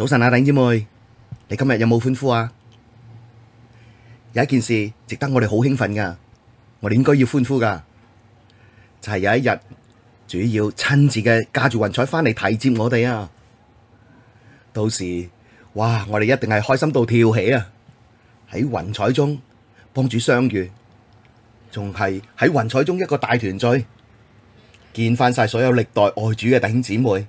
早晨啊，弟兄姊妹，你今日有冇歡呼啊？有一件事值得我哋好興奮噶，我哋應該要歡呼噶，就係有一日，主要親自嘅駕住雲彩翻嚟提接我哋啊！到時，哇，我哋一定係開心到跳起啊！喺雲彩中幫主相遇，仲係喺雲彩中一個大團聚，見翻晒所有歷代愛主嘅弟兄姊妹。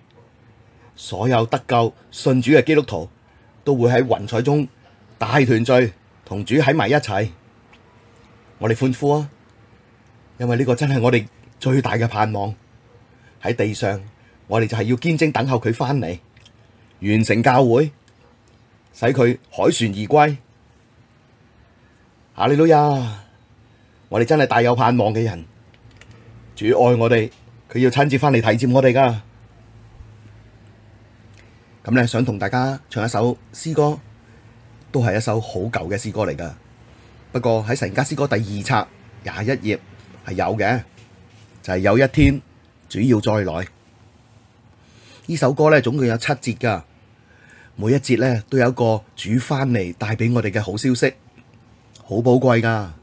所有得救信主嘅基督徒都會喺雲彩中大團聚，同主喺埋一齊。我哋歡呼啊！因為呢個真係我哋最大嘅盼望。喺地上，我哋就係要堅貞等候佢返嚟，完成教會，使佢凱旋而歸。哈利路亞！我哋真係大有盼望嘅人。主愛我哋，佢要親自返嚟提接我哋噶。咁咧，想同大家唱一首詩歌，都係一首好舊嘅詩歌嚟噶。不過喺《神家詩歌》第二冊廿一頁係有嘅，就係、是、有一天主要再來。呢首歌咧，總共有七節噶，每一節咧都有一個主返嚟帶畀我哋嘅好消息，好寶貴噶。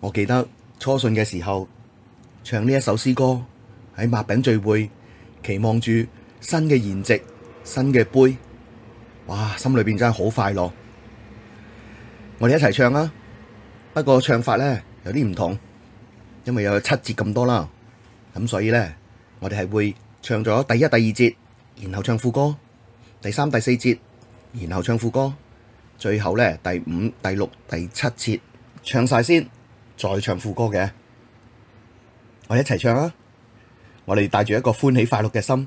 我記得初信嘅時候唱呢一首詩歌，喺麥餅聚會，期望住新嘅筵席。新嘅杯，哇！心裏邊真係好快樂，我哋一齊唱啊！不過唱法咧有啲唔同，因為有七節咁多啦，咁所以咧我哋係會唱咗第一、第二節，然後唱副歌，第三、第四節，然後唱副歌，最後咧第五、第六、第七節唱晒先，再唱副歌嘅。我哋一齊唱啊！我哋帶住一個歡喜快樂嘅心。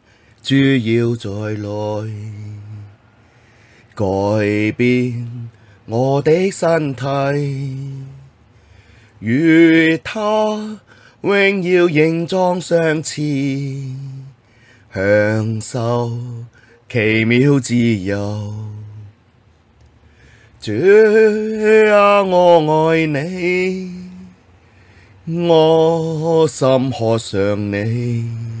主要再來改變我的身體，與祂榮耀形狀相似，享受奇妙自由。主啊，我愛你，我心渴想你。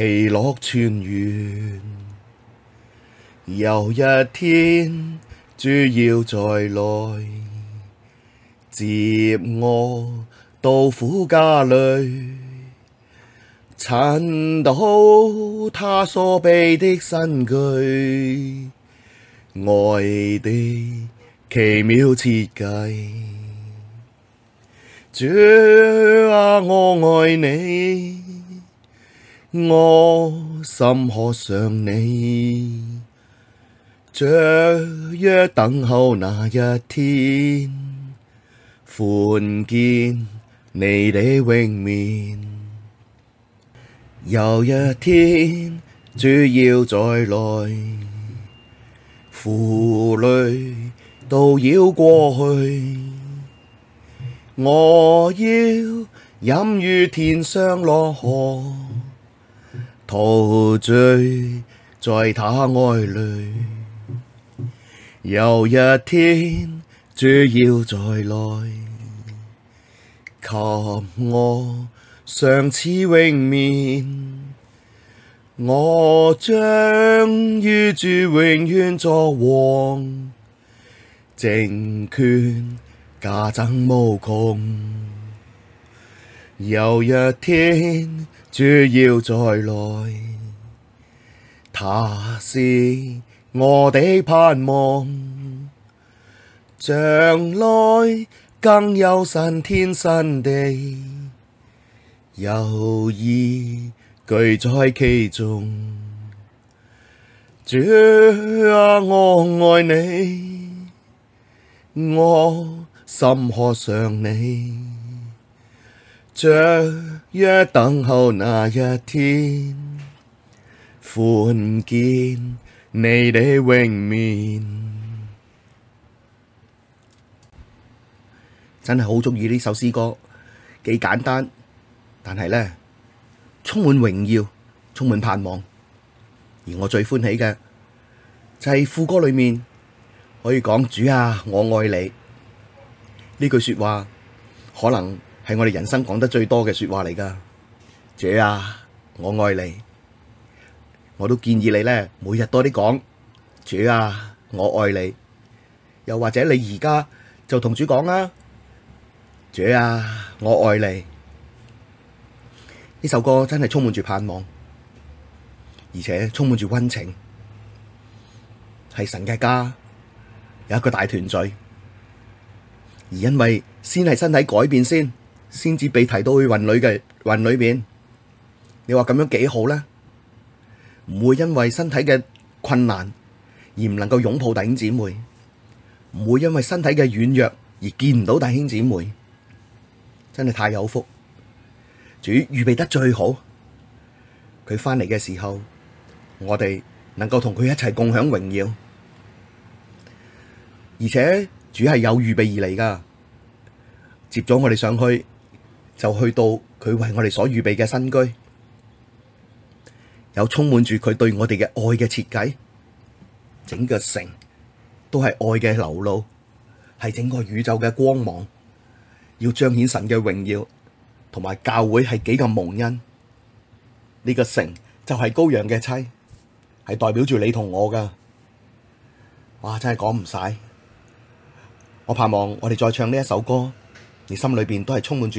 喜樂泉源，有一天主要再來接我到父家裡，親睹他所備的新居，愛的奇妙設計，主啊我愛你。我心渴想你，雀躍等候那一天，盼見你的榮面。有一天，主要再來，苦淚都要過去，我要飲於天上樂河。陶醉在他愛裡，有一天主要再來，給我賞賜榮冕，我將與主永遠作王，政權加增無窮，有一天。主要再來，祂是我的盼望。將來更有新天新地，有義居在其中。主啊，我愛你，我心渴想你。主。約等候那一天，歡見你哋榮面。真係好鍾意呢首詩歌，幾簡單，但係呢，充滿榮耀，充滿盼望。而我最歡喜嘅就係、是、副歌裏面可以講主啊，我愛你呢句說話，可能。係我哋人生講得最多嘅說話嚟㗎。主啊，我愛你，我都建議你咧，每日多啲講，主啊，我愛你。又或者你而家就同主講啦，主啊，我愛你。呢首歌真係充滿住盼望，而且充滿住温情，係神嘅家有一個大團聚，而因為先係身體改變先。先至被提到去雲裏嘅雲裏邊，你話咁樣幾好呢？唔會因為身體嘅困難而唔能夠擁抱弟兄姊妹，唔會因為身體嘅軟弱而見唔到弟兄姊妹，真係太有福。主預備得最好，佢返嚟嘅時候，我哋能夠同佢一齊共享榮耀，而且主係有預備而嚟㗎，接咗我哋上去。就去到佢為我哋所預備嘅新居，有充滿住佢對我哋嘅愛嘅設計，整個城都係愛嘅流露，係整個宇宙嘅光芒，要彰顯神嘅榮耀，同埋教會係幾咁蒙恩。呢個城就係羔羊嘅妻，係代表住你同我噶。哇，真係講唔晒。我盼望我哋再唱呢一首歌，你心裏邊都係充滿住。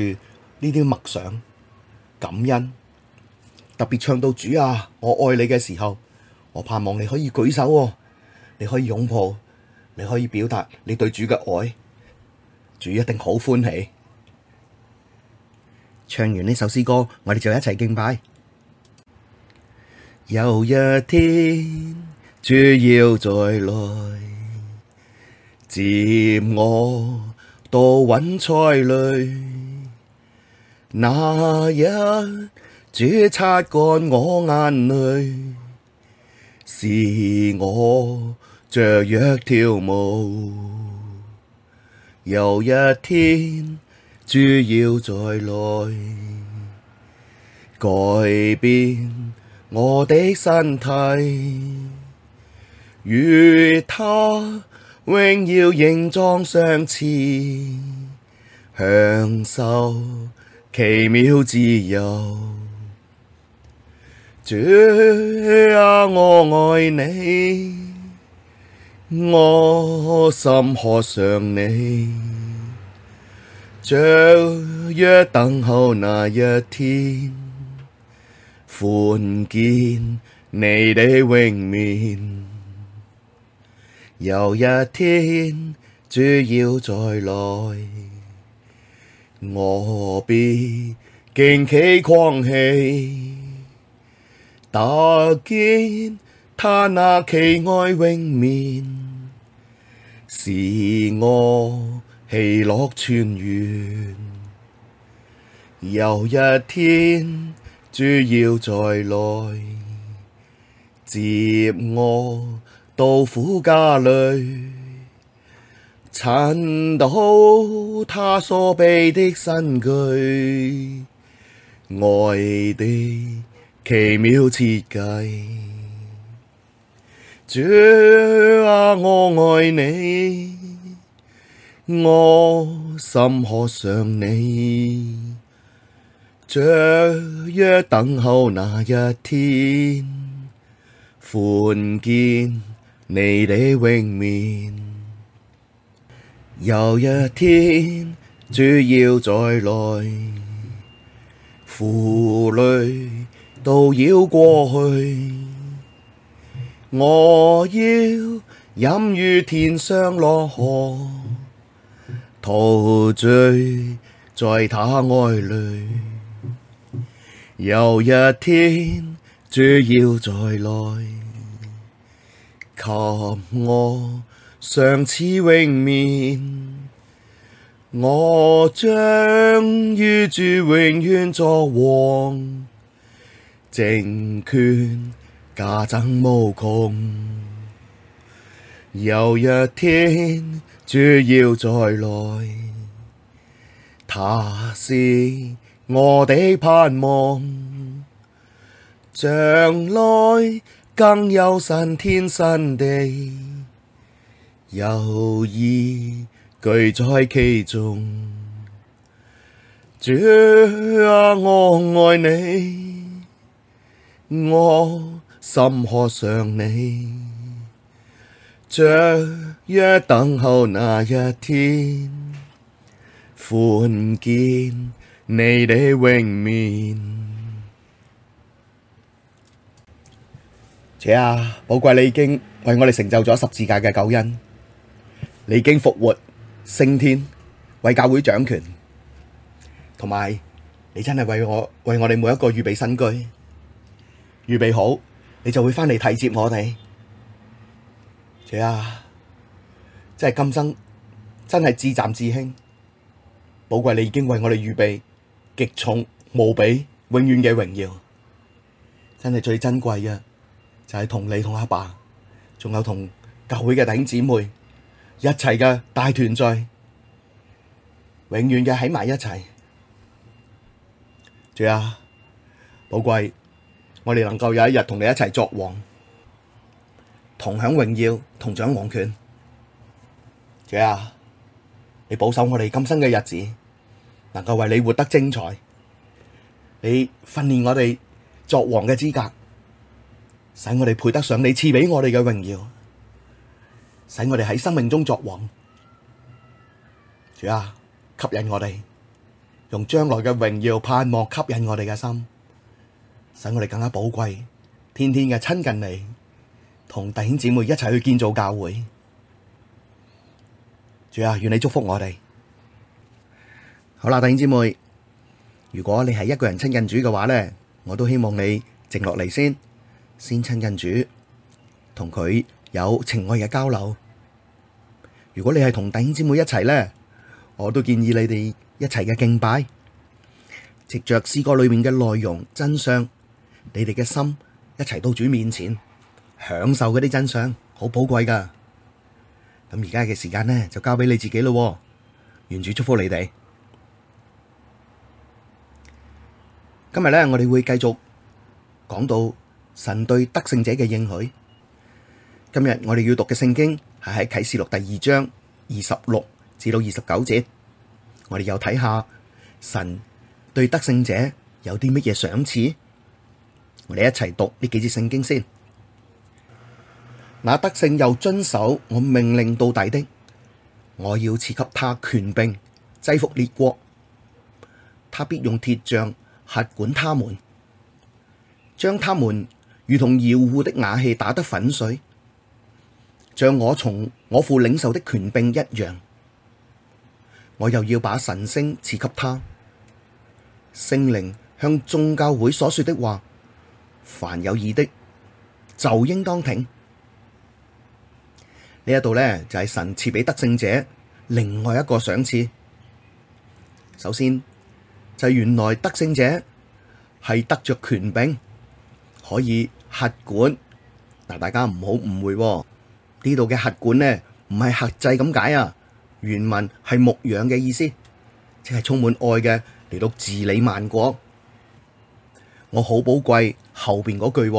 呢啲默想、感恩，特別唱到主啊，我愛你嘅時候，我盼望你可以舉手、啊、你可以擁抱，你可以表達你對主嘅愛，主一定好歡喜。唱完呢首詩歌，我哋就一齊敬拜。有一天，主要再來，接我到雲彩裏。那日主擦乾我眼淚，是我雀躍跳舞。有一天主要再來，改變我的身體，與他榮耀形狀相似，享受，奇妙自由，主啊，我愛你，我心渴想你，雀躍等候那一天，歡見你的榮面，有一天主要再來。我必驚奇狂喜，得見他那奇愛榮面，是我喜樂泉源。有一天主要再來，接我到父家裡。親睹他所備的新居，愛的奇妙設計。主啊，我愛你，我心渴想你，雀躍等候那一天，歡見你的榮面。有一天主要再來，苦淚都要過去。我要飲於天上樂河，陶醉在他愛裡。有一天，主要再來，給我賞賜榮冕，我將與主永遠作王，政權加增無窮。有一天主要再來，他是我的盼望，將來更有新天新地。有義居在其中，主啊，我愛你，我心渴想你。雀躍等候那一天，歡見你的榮面，且啊，寶貴你已經為我哋成就咗十字架嘅救恩。你已經復活升天，為教會掌權，同埋你真係為我為我哋每一個預備新居，預備好，你就會翻嚟提接我哋。主啊，真係今生真係自讚自興，寶貴你已經為我哋預備極重無比永遠嘅榮耀，真係最珍貴嘅就係、是、同你同阿爸，爸，仲有同教會嘅弟兄姊妹。一齊嘅大團聚，永遠嘅喺埋一齊。主啊，寶貴，我哋能夠有一日同你一齊作王，同享榮耀，同掌王權。主啊，你保守我哋今生嘅日子，能夠為你活得精彩。你訓練我哋作王嘅資格，使我哋配得上你賜畀我哋嘅榮耀。使我哋喺生命中作王，主啊，吸引我哋，用將來嘅榮耀盼望吸引我哋嘅心，使我哋更加寶貴，天天嘅親近你，同弟兄姊妹一齊去建造教會，主啊，願你祝福我哋。好啦，弟兄姊妹，如果你係一個人親近主嘅話咧，我都希望你靜落嚟，先先親近主。同佢有情愛嘅交流。如果你係同弟兄姊妹一齊咧，我都建議你哋一齊嘅敬拜，藉着詩歌裏面嘅內容真相，你哋嘅心一齊到主面前享受嗰啲真相，好寶貴噶。咁而家嘅時間咧就交俾你自己咯。願主祝福你哋。今日咧，我哋會繼續講到神對得勝者嘅應許。今日我哋要讀嘅聖經係喺啟示錄第二章二十六至到二十九節。我哋又睇下神對得勝者有啲乜嘢賞賜。我哋一齊讀呢幾節聖經先。那得勝又遵守我命令到底的，我要賜給他權柄制伏列國，他必用鐵杖轄管他們，將他們如同窑戶的瓦器打得粉碎。像我從我父領受的權柄一樣，我又要把晨星賜給他。聖靈向眾教會所說的話，凡有耳的就應當聽。呢一度呢，就係神賜畀得勝者另外一個賞賜。首先就係原來得勝者係得着權柄，可以轄管。但大家唔好誤會。呢度嘅轄管呢，唔係轄制咁解啊！原文係牧羊嘅意思，即係充滿愛嘅嚟到治理萬國。我好寶貴後邊嗰句，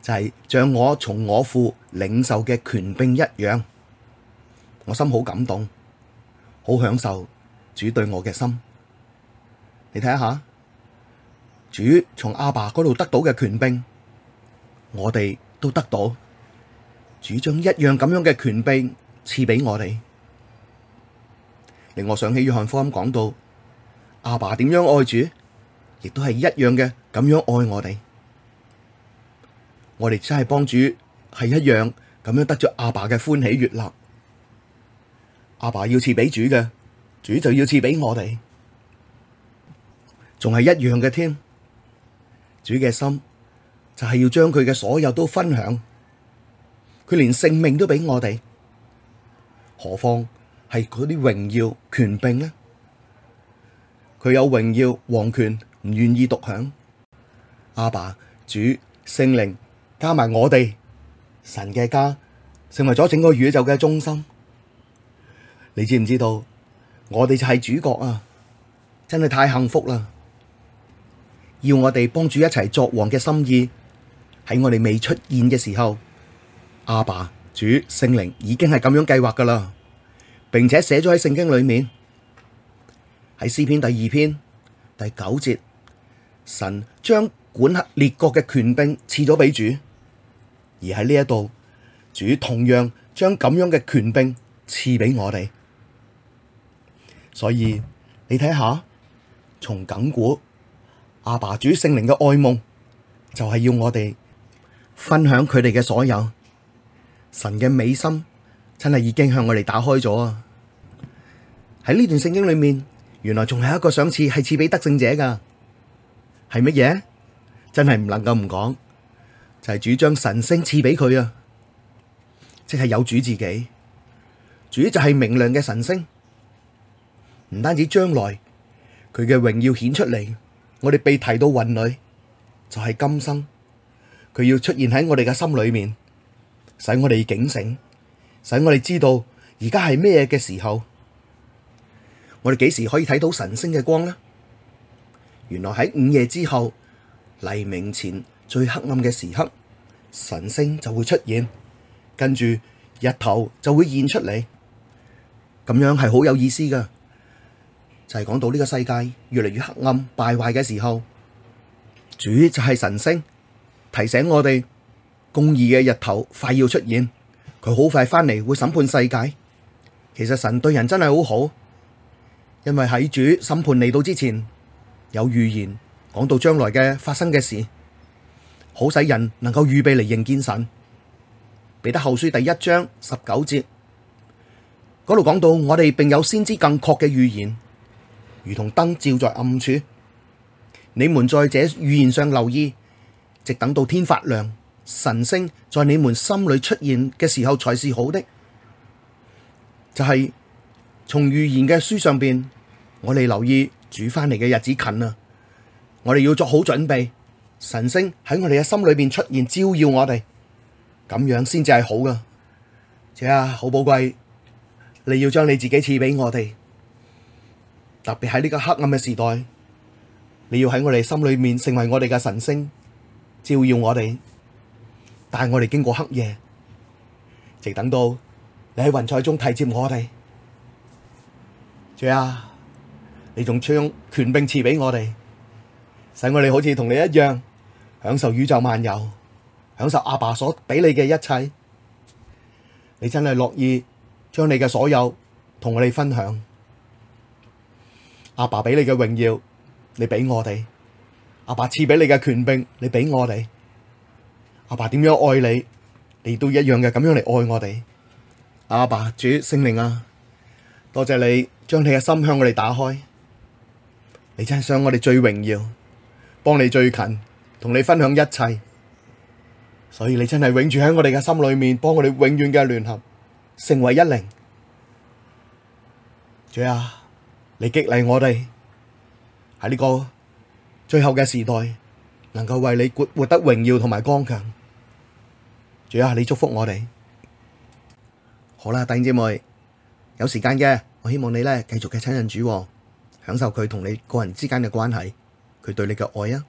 就係像我從我父領受嘅權柄一樣，我心好感動，好享受主對我嘅心。你睇下，主從阿爸嗰度得到嘅權柄，我哋都得到。主將一樣咁樣嘅權柄賜俾我哋，令我想起約翰福音講到阿爸點樣愛主，亦都係一樣嘅咁樣愛我哋。我哋真係幫主係一樣咁樣得咗阿爸嘅歡喜悅樂。阿爸要賜俾主嘅，主就要賜俾我哋，仲係一樣嘅添，主嘅心就係要將佢嘅所有都分享。佢連性命都俾我哋，何況係嗰啲榮耀權柄呢？佢有榮耀皇權，唔願意獨享。阿爸、主、聖靈加埋我哋，神嘅家成為咗整個宇宙嘅中心。你知唔知道？我哋就係主角啊！真係太幸福啦！要我哋幫主一齊作王嘅心意，喺我哋未出現嘅時候。阿爸主聖靈已經係咁樣計劃噶啦，並且寫咗喺聖經裏面，喺詩篇第二篇第九節，神將管轄列國嘅權柄賜咗俾主，而喺呢一度，主同樣將咁樣嘅權柄賜俾我哋，所以你睇下，從梗古阿爸主聖靈嘅愛夢，就係要我哋分享佢哋嘅所有。神嘅美心真係已經向我哋打開咗啊！喺呢段聖經裏面，原來仲有一個賞賜係賜俾得勝者噶，係乜嘢？真係唔能夠唔講，就係主將晨星賜俾佢啊！即係有主自己，主就係明亮嘅晨星，唔單止將來佢嘅榮耀顯出嚟，我哋被提到雲裏，就係今生佢要出現喺我哋嘅心裏面。使我哋警醒，使我哋知道而家係咩嘅時候，我哋幾時可以睇到晨星嘅光呢？原來喺午夜之後、黎明前最黑暗嘅時刻，晨星就會出現，跟住日頭就會現出嚟。咁樣係好有意思噶，就係講到呢個世界越嚟越黑暗敗壞嘅時候，主就係晨星提醒我哋。公義嘅日頭快要出現，佢好快翻嚟會審判世界。其實神對人真係好好，因為喺主審判嚟到之前，有預言講到將來嘅發生嘅事，好使人能夠預備嚟迎見神。彼得後書第一章十九節嗰度講到，我哋並有先知更確嘅預言，如同燈照在暗處。你們在這預言上留意，直等到天發亮，晨星在你們心裡出現嘅時候，才是好的。就係、是、從預言嘅書上邊，我哋留意主翻嚟嘅日子近啦。我哋要做好準備，晨星喺我哋嘅心裡面出現，照耀我哋，咁樣先至係好噶。姐啊，好寶貴，你要將你自己賜俾我哋。特別喺呢個黑暗嘅時代，你要喺我哋心裡面成為我哋嘅晨星，照耀我哋。但帶我哋經過黑夜，直等到你喺雲彩中提接我哋，主啊，你仲將權柄賜俾我哋，使我哋好似同你一樣享受宇宙漫遊，享受阿爸所俾你嘅一切。你真係樂意將你嘅所有同我哋分享，阿爸俾你嘅榮耀，你俾我哋；阿爸賜俾你嘅權柄，你俾我哋。阿爸點樣愛你，你都一樣嘅咁樣嚟愛我哋。阿爸，主聖靈啊，多謝你將你嘅心向我哋打開，你真係想我哋最榮耀，幫你最近同你分享一切，所以你真係永住喺我哋嘅心裡面，幫我哋永遠嘅聯合成為一靈。主啊，你激勵我哋喺呢個最後嘅時代，能夠為你活活得榮耀同埋剛強。主啊，你祝福我哋。好啦，弟兄姊妹，有時間嘅，我希望你咧繼續嘅親近主，享受佢同你個人之間嘅關係，佢對你嘅愛啊！